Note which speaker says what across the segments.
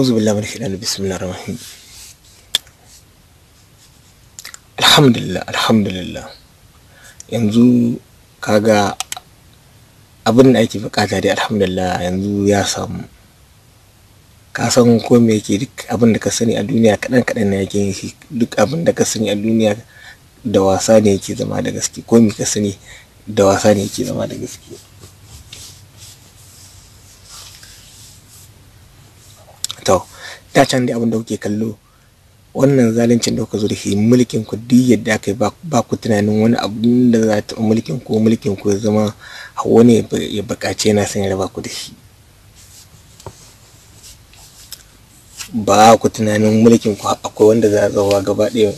Speaker 1: أعوذ بالله من الشيطان بسم الله الرحمن الحمد لله الحمد لله yanzu kaga abin da ake bukata dai alhamdulillah yanzu ya samu ka san ko me yake duk abin da ka sani a duniya kadan kadan ne yake yi duk abin da ka sani a duniya da wasa ne yake zama da gaske ko me ka sani da wasa ne yake zama da gaske ta can da abin da kuke kallo wannan zaluncin da kuka zo da shi mulkin ku duk yadda aka ba ku tunanin wani abu da za ta mulkin ku mulkin ku ya zama wani ya bukace yana san ya raba ku da shi ba ku tunanin mulkin ku akwai wanda za a zauwa gaba ɗaya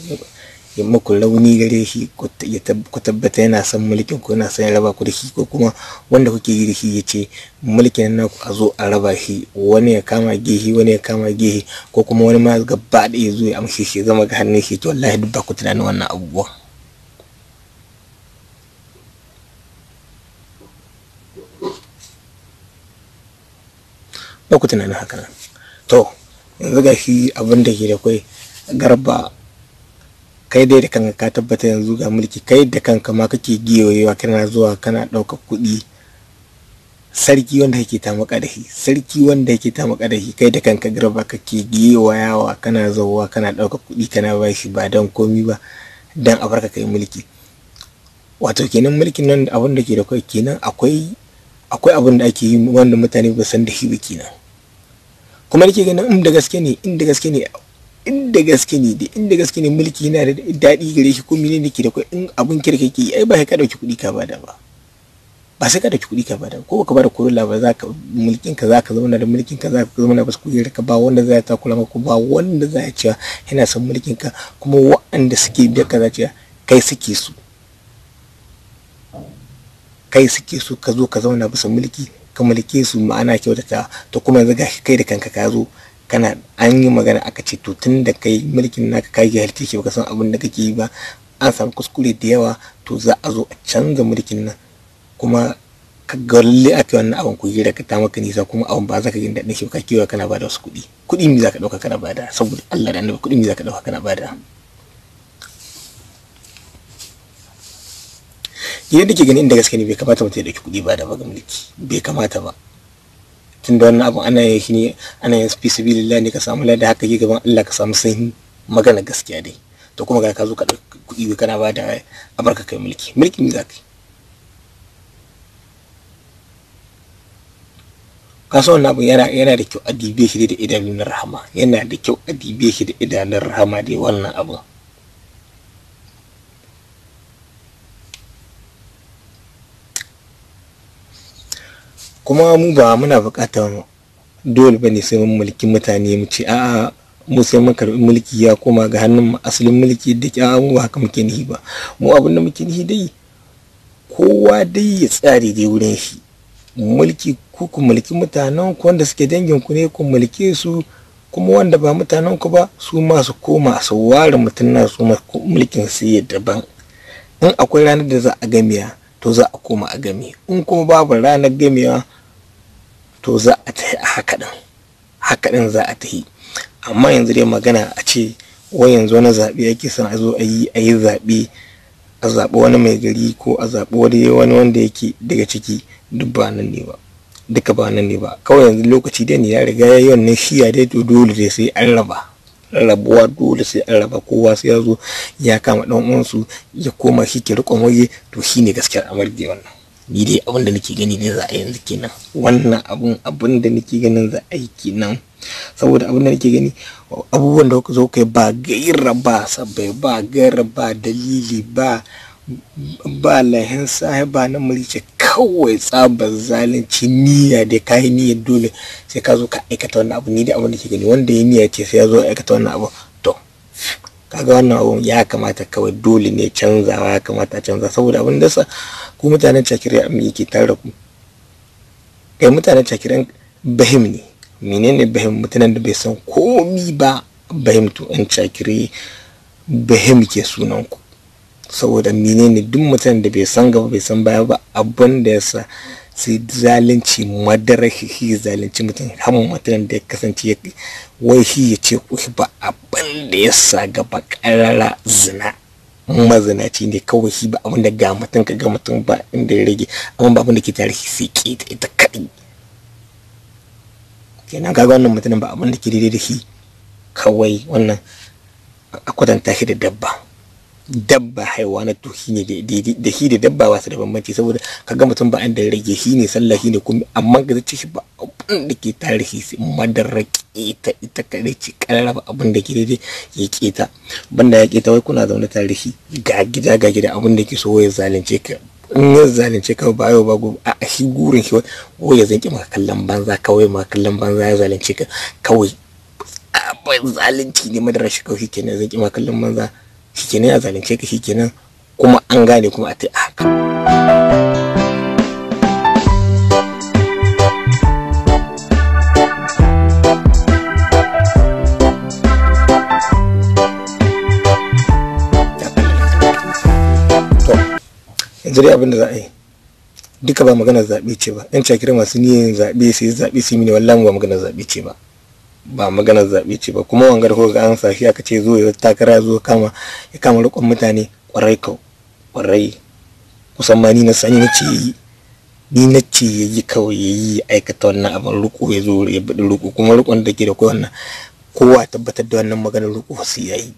Speaker 1: ya muku launi gare shi ku tabbata yana san mulkin ku yana son ya raba ku da shi ko kuma wanda kuke yi da shi ya ce mulkin naku a zo a raba shi wani ya kama gehi wani ya kama gehi ko kuma wani ma gaba da ya zo ya amshe shi zama ga hannun shi to wallahi duk ba ku tunanin wannan abubuwa ba ku tunanin haka to yanzu ga shi abin da ke da kai garba kai dai da kanka ka tabbata yanzu ga mulki kai da kanka ma kake giyoyewa kana zuwa kana ɗaukar kuɗi sarki wanda ta tamaka da shi sarki wanda ta tamaka da shi kai da kanka garba kake giyowa yawa kana zauwa kana ɗaukar kuɗi kana ba shi ba don komi ba don a barka kai mulki wato kenan mulkin nan abin da ke da kai kenan akwai akwai abin da ake yi wanda mutane ba san da shi ba kenan kuma nake ganin in da gaske ne in da gaske ne inda gaske ne da inda gaske ne mulki yana da daɗi gare shi ko menene ke da kai in abun kirki ke ai ba sai ka dauki kuɗi ka bada ba ba sai ka dauki kuɗi ka bada ko ka bada kurula ba za ka mulkin ka za ka zauna da mulkin ka za ka zauna ba su kuɗi ka ba wanda za ya kula maka ba wanda za ya ci yana son mulkin ka kuma wa'anda suke biyar ka za ci kai suke su kai suke so ka zo ka zauna bisa mulki ka mulke su ma'ana kyautata to kuma yanzu gashi kai da kanka ka zo kana an yi magana aka ce to tun da kai mulkin naka kai jahilci shi baka san abin da kake yi ba an samu kuskure da yawa to za a zo a canza mulkin nan kuma ka ga lalle a kai wannan abin kuyi da ka ta maka nisa kuma abin ba za ka gina daɗin shi ka kewa kana bada wasu kuɗi kuɗi mi za ka ɗauka kana bada saboda Allah da annabi kuɗi mi za ka ɗauka kana bada yadda ke gani inda gaske ne bai kamata mutum ya ɗauki kuɗi da ba ga mulki bai kamata ba tunda wannan abin ana yin shi ne ana yin fi sabilillah ne ka samu lada haka yi gaban Allah ka samu sanyi magana gaskiya dai to kuma ka zo ka ɗauki kuɗi kana ba da abarka kai mulki mulki ne za ka yi wannan abin yana yana da kyau a dibe shi da idanun rahama yana da kyau a dibe shi da idanun rahama dai wannan abin kuma mu ba muna bukatar dole ba ne sai mun mulki mutane mu ce a'a mu sai mun karɓi mulki ya koma ga hannun asalin mulki da ke a'a mu ba haka muke nihi ba mu abin da muke nihi dai kowa dai ya tsare dai wurin shi mulki ku ku mulki mutanen ku wanda suke dangin ku ne ku mulke su kuma wanda ba mutanen ku ba su ma koma su ware mutum na su mulkin su daban in akwai ranar da za a gamiya to za a koma a gami in kuma babu ranar gamewa to za a tafi a haka din za a tafi amma yanzu dai magana a ce wai yanzu wani zaɓe yake son azo zo a yi a yi zaɓe a zaɓi wani mai gari ko a zaɓi wani wani wanda yake daga ciki duk ba nan ne ba duka ba nan ne ba kawai yanzu lokaci dai ne ya riga ya yi wannan shiya dai to dole dai sai an raba rabuwa dole sai an raba kowa sai ya zo ya kama dan uwansu ya koma shi ke riƙon waje to shine gaskiyar amarge wannan ni dai abin da nake gani ne za a yanzu kenan wannan abun abin da nake ganin za a yi kenan saboda abin da nake gani abubuwan da zo kai ba gaira ba sabai ba gaira ba dalili ba ba lahin sahi ba na mulki kawai tsabar zalunci niyya da ka yi niyyar dole sai ka zo ka aikata wannan abu ni da abin da ke gani wanda ya niyya ce sai ya zo aikata wannan abu to kaga wannan abu ya kamata kawai dole ne canzawa ya kamata canza saboda abin da sa ku mutanen cakiri a mi yake tare ku kai mutanen cakirin bahim ne menene bahim mutanen da bai san komi ba bahim to an cakiri bahim ke sunan ku saboda menene duk mutum da bai san gaba bai san baya ba abin da ya sa sai zalunci madara shi zalunci mutum hamun mutum da ya kasance ya wai shi ya ce kushi ba abin da ya sa gaba karara zina mazinaci ne kawai shi ba abin da ga mutum ka ga mutum ba inda ya rage amma ba abin da ke tare sai ke ta ita kaɗai kenan kaga wannan mutum ba abin da ke daidai da shi kawai wannan a kwatanta shi da dabba dabba haiwana to shi ne da shi da dabba ba su da bambanci saboda ka ga mutum ba an da rage shi ne sallah shi ne kuma amma ga zai shi ba abin da ke tarihi sai madarraki ta ita kadai ce karraba abin da ke daidai ya keta banda ya keta wai kuna zaune tarihi ga gida ga gida abin da ke so ya zalunce ka in ya zalunce ka ba yau ba gobe a shi gurin shi wai ya zanki maka kallon banza kawai maka kallon banza ya zalunce ka kawai abin zalunci ne madarar shi kawai kenan zanki maka kallon banza shikenan a zalunce ka shikenan kuma an gane kuma a taa ah, haka yanzu dai abin da za a yi duka ba magana zaɓe ce ba yan cakira masu niyyar zaɓe sai zaɓe su yi mini wallan ba magana zaɓe ce ba ba maganar zaɓe ce ba kuma wangar ko an sashi aka ce zo ya takara zo kama ya kama rikon mutane kwarai kau kwarai kusan ma ni na sani na ce yi ni na ce ya yi kawai ya yi aikata wannan abin riko ya zo ya buɗi riko kuma rikon da ke da kai wannan kowa tabbatar da wannan maganar riko su ya yi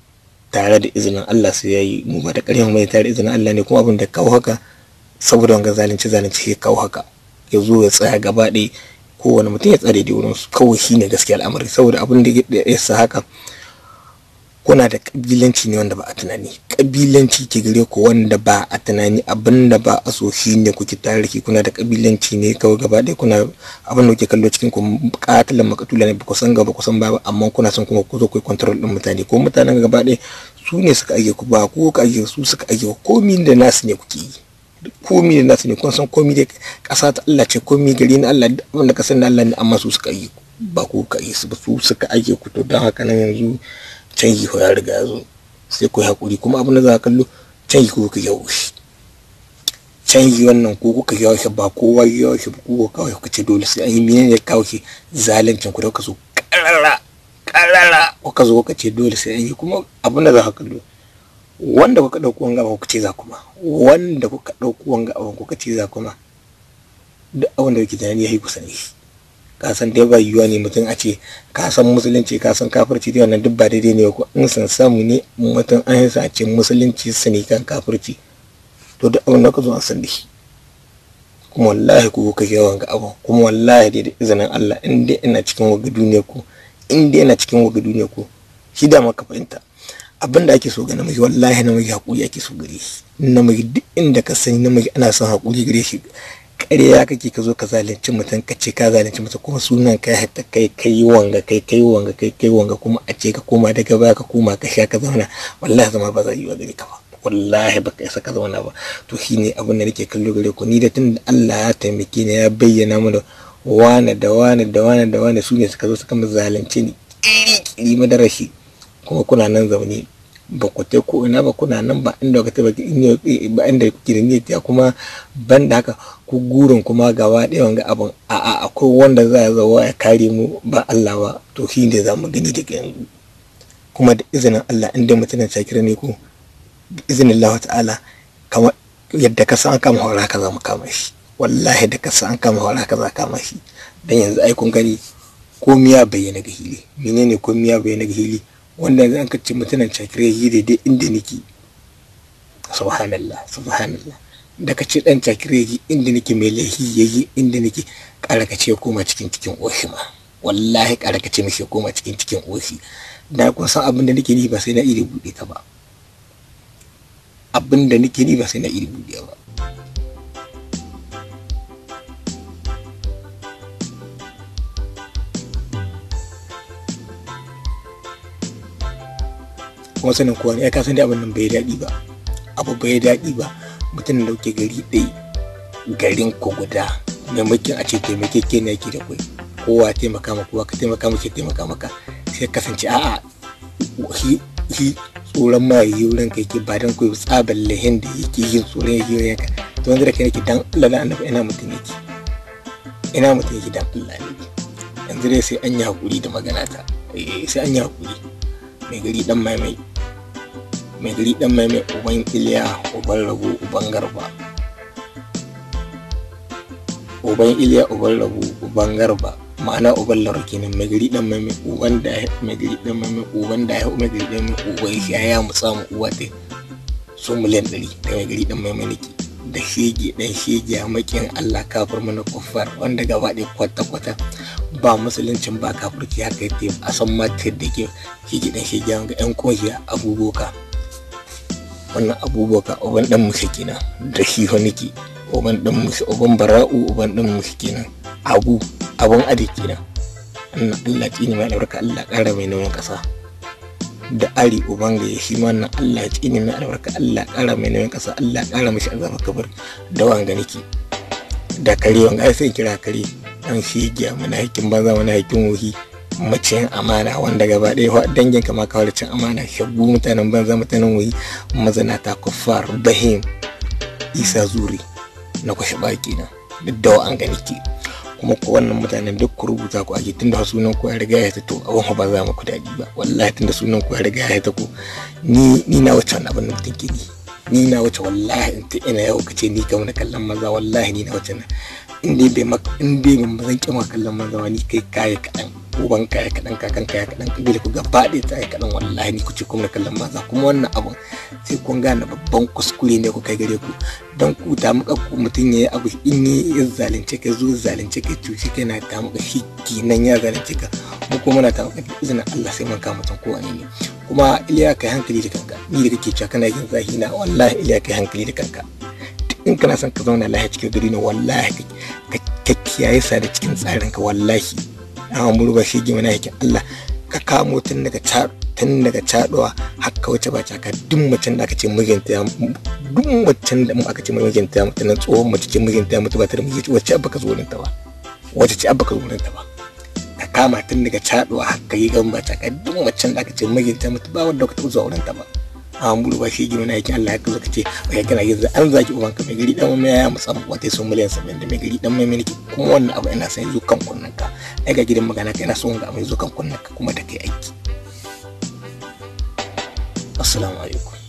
Speaker 1: tare da izinin Allah su ya yi mu ba da ƙarfin mai tare da izinin Allah ne kuma abin da kawo haka saboda wanga zalunci zalunci ya kawo haka ya zo ya tsaya gaba ɗaya kowane mutum ya tsare da wurin su kawai shine gaskiya al'amari saboda abin da ya sa haka kuna da kabilanci ne wanda ba a tunani kabilanci ke gare ku wanda ba a tunani abin da ba a so shi ne kuke tarihi kuna da kabilanci ne kawai gaba ɗaya kuna abin da kuke kallo cikin ku katilan makatula ne ba ku san gaba ku san ba amma kuna son kuma ku zo ku control din mutane ko mutanen gaba ɗaya su ne suka ake ku ba ku ka ake su suka ake ku komi da nasu ne kuke yi komi da nasu ne kun san komi da ƙasa ta Allah ce komi gari na Allah wanda ka san Allah ne amma su suka yi ba ku ka yi su ba su suka aike ku to don haka nan yanzu canji ya riga ya zo sai ku hakuri kuma abin da za ka kallo canji ku ka yawo shi canji wannan ko kuka yawo shi ba kowa yawo shi ba ka kawo ku ce dole sai an yi menene ya kawo shi zalincin ku da kuka so karara karara ka zo ka ce dole sai an yi kuma abin da za ka kallo wanda kuka ɗauko wanga ba kuka ce za kuma wanda kuka ɗauko wanga abu kuka ce za kuma duk abin da kake tunani yi kusa ne ka san dai ba yiwuwa ne mutum a ce ka san musulunci ka san kafirci dai wannan duk ba daidai ne ko in san samu ne mutum an yi a ce musulunci ne kan kafirci to duk abin da ka zo an san dai kuma wallahi ku kuka yawan ga abu kuma wallahi dai da izinin Allah in dai ina cikin waga duniya ku in dai ina cikin waga duniya ku shi da maka fahimta abin da ake so ga namiji wallahi namiji haƙuri ake so gare shi namiji duk inda ka sani namiji ana son haƙuri gare shi ƙarya kake ka zo ka zalunci mutum ka ce ka zalunci mutum kuma sunan ka hatta kai kai wanga kai kai wanga kai kai wanga kuma a ce ka koma daga baya ka koma ka sha ka zauna wallahi zama ba za yi wa gare ka ba wallahi baka isa ka zauna ba to shine abin da nake kallo gare ku ni da tun Allah ya taimake ni ya bayyana mana wane da wane da wane da wane su ne suka zo suka zalunce ni kiri kiri madarashi kuma kuna nan zaune ba ku ta ko ina ba kuna nan ba inda ku tai ba inda ku kirin ya kuma ban da haka ku gurin kuma gaba ɗaya wanga abin a a akwai wanda za ya zawo ya kare mu ba Allah ba to shi ne za mu gani daga yanzu kuma da izinin Allah inda mutumin shakira ne ku izinin Allah ta'ala kamar yadda ka san an kama hora ka za mu kama shi wallahi da ka san an kama hora ka za kama shi dan yanzu ai kun gani komiya bayyana ga hili menene komiya bayyana ga hili wanda yanzu an kace mutunan cakirai yi daidai inda nake subhanallah subhanallah da kace dan cakirai yi inda nake mai lahi yayi inda nake ƙara kace ya koma cikin cikin oshi ma wallahi ƙara kace mishi ya koma cikin cikin oshi da kun san abin da nake ni ba sai na iri bude ta ba abin da nake ni ba sai na iri bude ba kuma sanin kowa ne ya kasan abin nan bai daɗi ba abu bai daɗi ba mutum da dauke gari ɗaya garin ku guda muke a ce taimake ke ne yake da kai kowa taimaka ma kowa ka taimaka ma ke taimaka maka sai kasance a'a shi shi tsoron ma yi wurin kai ke ba dan ku tsabar lahin da yake yin tsoron yake yin ka to wanda da kai yake dan Allah da annabi ina mutum yake ina mutum yake dan Allah ne yanzu dai sai an yi hakuri da magana ta eh, sai an yi hakuri mai gari dan mai mai mai gari dan mai mai uban iliya uban rabu uban garba uban iliya uban rabu uban garba ma'ana uban laro kenan mai gari dan mai mai uban da mai gari dan mai mai uban da ya mai gari dan mai uban shi ya mu samu uwa ta su miliyan 100 da mai gari dan mai mai nake da shege dan shege a makin Allah kafir mana kofar wanda gaba ɗaya kwata kwata ba musuluncin ba kafirci kai te a san matar da ke shege dan shege ga yan kohiya abubuwa wannan abubakar oban dan musu kenan da shi fa nake uban dan musu oban bara'u oban dan musu kenan abu abun ade kenan annan Allah tsini mai albarka Allah kara mai nauyin kasa da ari uban ga shi ma nan Allah tsini mai albarka Allah kara mai nauyin kasa Allah kara mishi azaba kabar da wanga niki da kare wanga sai kira kare an shi ya mana hakin banza mana hakkin wuhi maciyin amana wanda gaba ɗaya dangin kama kawar cin amana shabu mutanen banza mutanen wuyi mazanata kufar bahim isa zuri na kwashe baki na duk dawa an gani ke kuma ko wannan mutanen duk ku rubuta ku aje tunda sunan ku ya riga ya tato wanka ba za mu ku daɗi ba wallahi tunda sunan ku ya riga ya ta ni ni na wace wannan abin da mutum ke ni na wace wallahi in ta ina yau kace ni kamar kallon maza wallahi ni na wace na in dai bai in dai ban zan kima kallon maza ni kai kai kaɗan uban kaya ya kaɗan kakan kaya ya kaɗan kabila ku gaba da ta ya kaɗan wallahi ni ku kuma kuma kallon maza kuma wannan abun sai kun gane babban kuskure ne ku kai gare ku don ku ta muka ku mutum ya yi abu in yi ya zalunce ka zo zalunce ka cuci ka na ta muka shi kenan ya zalunce ka mu kuma na ta muka izinin Allah sai mun kama mutum kowane ne kuma iliya kai hankali da kanka ni da kake cewa kana yin na wallahi iliya kai hankali da kanka in kana son ka zauna lahiya cikin gari ne wallahi ka kiyaye sa da cikin ka wallahi na amuru ba shi gima na yake Allah ka kamo tun daga tun daga caɗuwa har ka wuce baki ka duk mutum da aka ce mijinta ya duk mutum da aka ce mijinta ya mutu nan tsohon mace ce mijinta ya mutu ba ta da miji wacce abba ka zurin ta ba wacce ce abba ka zurin ta ba ka kama tun daga caɗuwa har ka yi gan ta ka duk mutum da aka ce mijinta ya mutu ba wanda ka taɓa zuwa wurin ta ba. an buɗe ba shi gino na yakin Allah haka zaka ce na kana yanzu an zaki ka mai gari dan mai ya musamman wata sun miliyan sabin da mai gari dan mai miliki kuma wannan abu yana son yanzu kan ka ai ga gidan magana ka yana son ga mai yanzu kan kunnen ka kuma ta kai aiki assalamu alaikum